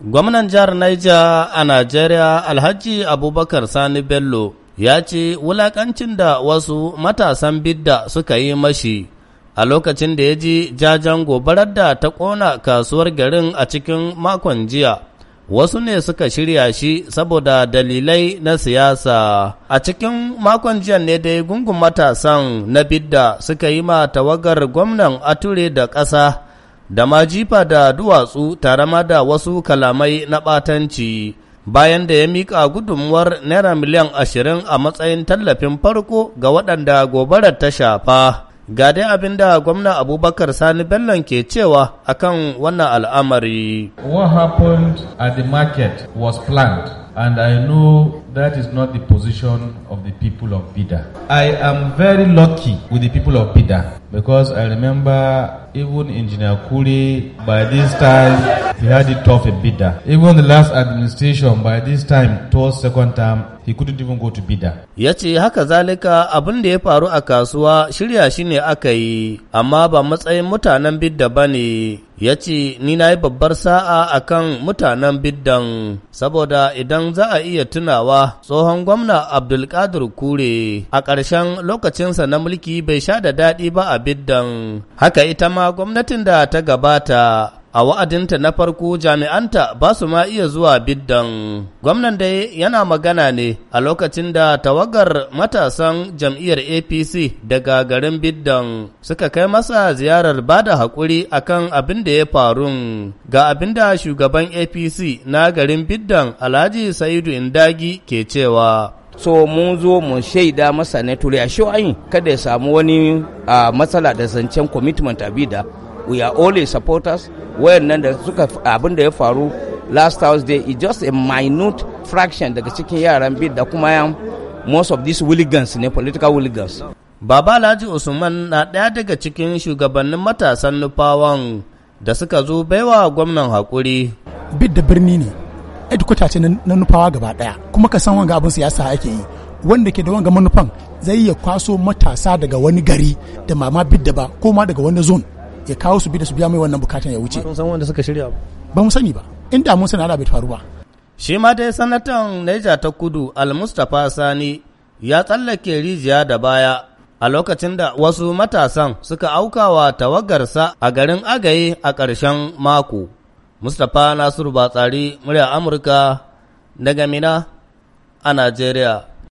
Gwamnan jihar Niger a Najeriya Alhaji Abubakar Sani Bello ya ce wulaƙancin da wasu matasan bidda suka yi mashi a lokacin da ya ji jajen gobarar da ta ƙona kasuwar garin a cikin makon jiya. Wasu ne suka shirya shi saboda dalilai na siyasa. A cikin makon jiya ne dai gungun matasan na bidda suka yi ma tawagar gwamnan Ature da ƙasa. da ma jifa da duwatsu tare ma da wasu kalamai na ɓatanci bayan da ya mika gudunmuwar naira miliyan ashirin a matsayin tallafin farko ga waɗanda gobarar ta shafa ga dai abin da gwamna abubakar sani bellon ke cewa akan wannan al'amari what happened at the market was planned and i know that is not the position of the people of bida i am very lucky with the people of bida because I remember even Engineer Kuli by this time. He had it tough a bit Even the last administration by this time, towards second term, he couldn't even go to bida. Ya ce haka zalika abin da ya faru a kasuwa shirya shi ne aka yi, amma ba matsayin mutanen bidda ba ne. Ya ce ni na yi babbar sa'a a kan mutanen biddan, saboda idan za a iya tunawa tsohon gwamna Abdulkadir Kure a ƙarshen lokacinsa na mulki bai sha da daɗi ba a biddan. Haka ita ma gwamnatin da ta gabata a wa'adinta na farko jami'anta ba su ma iya zuwa biddan. Gwamnan dai yana magana ne a lokacin da tawagar matasan jam'iyyar APC daga garin biddan suka kai masa ziyarar ba da haƙuri a kan abin da ya faru ga abin da shugaban APC na garin biddan Alhaji Sa'idu Indagi ke cewa. so mun zo mu shaida masa na turai a shi kada ya samu wani matsala da zancen commitment abida we are only supporters nan da suka abin da ya faru last Thursday is just a minute fraction daga cikin yaran bid da kuma yan most of these hooligans ne political hooligans Baba Alhaji Usman na daya daga cikin shugabannin matasan nufawan da suka zo baiwa gwamnan haƙuri. Bid da birni ne, edukwata ce na nufawa gaba daya kuma ka san wanga abin siyasa ake yi. Wanda ke da wanga manufan zai iya kwaso matasa daga wani gari da mama bid da ba, ko ma daga wani zone. ya kawo su bi da su biya mai wannan bukatan ya wuce. san wanda suka shirya ba mu sani ba inda mun sani bai faru ba. shi ma dai sanatan Niger ta kudu al-mustapha sani ya tsallake rijiya da baya a lokacin da wasu matasan suka aukawa tawagarsa a garin agaye a ƙarshen mako. Mustapha Nasiru Batsari, murya Amurka daga Mina a Najeriya.